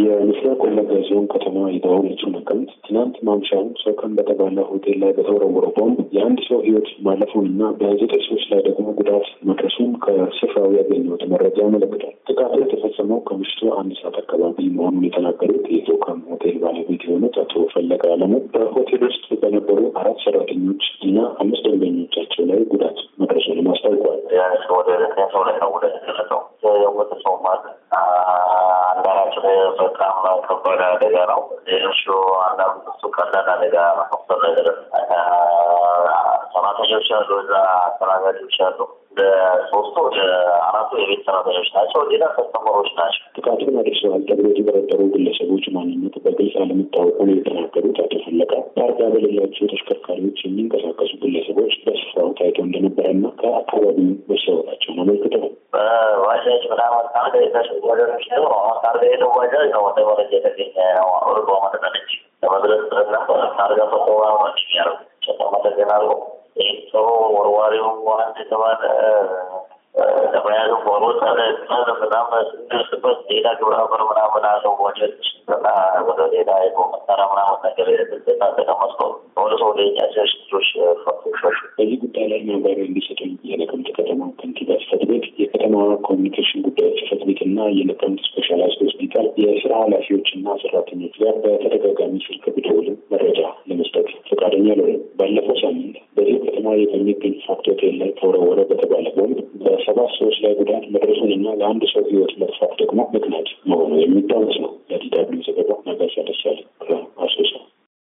የምስራቅ ወለጋ ዞን ከተማ የሆነችው ነቀምት ትናንት ማምሻውን ሶከም በተባለ ሆቴል ላይ በተወረወረው ቦምብ የአንድ ሰው ሕይወት እና በዘጠኝ ሰዎች ላይ ደግሞ ጉዳት መድረሱን ከስፍራው ያገኘሁት መረጃ ያመለክታል። ጥቃቱ የተፈጸመው ከምሽቱ አንድ ሰዓት አካባቢ መሆኑን የተናገሩት የሶከም ሆቴል ባለቤት የሆኑት አቶ ፈለቀ አለሙ በሆቴል ውስጥ በነበሩ አራት ሰራተኞች እና አምስት ደንበኞቻቸው ላይ ጉዳት መድረሱንም አስታውቋል። ወደ ሰው ላይ ነው ጉዳት የደረሰው የወሰ ሰው ማለት በጣም ከባድ አደጋ ነው። ሌሎቹ አንዳንድ እሱ ቀላል አደጋ መሳሰል ነገር ሰራተኞች አሉ፣ እዛ አስተናጋጆች አሉ። ሶስቱ አራቱ የቤት ሰራተኞች ናቸው፣ ሌላ ከስተመሮች ናቸው። ጥቃቱን አድርሰዋል ተብሎ የተጠረጠሩ ግለሰቦች ማንነት በግልጽ ነው የተናገሩት አቶ ፈለቀ ታርጋ በሌላቸው ተሽከርካሪዎች የሚንቀሳቀሱ ግለሰቦች በስፍራው ታይቶ እንደነበረና ከአካባቢው መሰወራቸውን አመልክተዋል። tarde የተወደደች ደግሞ አሁን ታርጋ የተወደ ነው ተወደ የተገኘ ነው ርጎ መጠጠለች ለመድረስ ጥረት ነበር። ታርጋ ፈተዋ ነው ያደረጉ ጨጠ መጠገን አርጎ ይህ ጥሩ ወርዋሪው ኮሚኒኬሽን ጉዳዮች ጽሕፈት ቤት እና የነቀምት ስፔሻላይዝ ሆስፒታል የስራ ኃላፊዎች እና ሰራተኞች ጋር በተደጋጋሚ ስልክ ብደውልም መረጃ ለመስጠት ፈቃደኛ ለሆ ባለፈው ሳምንት በዚህ ከተማ በሚገኝ ፋክቶቴል ላይ ተወረወረ በተባለ ቦምብ በሰባት ሰዎች ላይ ጉዳት መድረሱን እና ለአንድ ሰው ህይወት መጥፋት ደግሞ ምክንያት መሆኑ የሚታወስ ነው።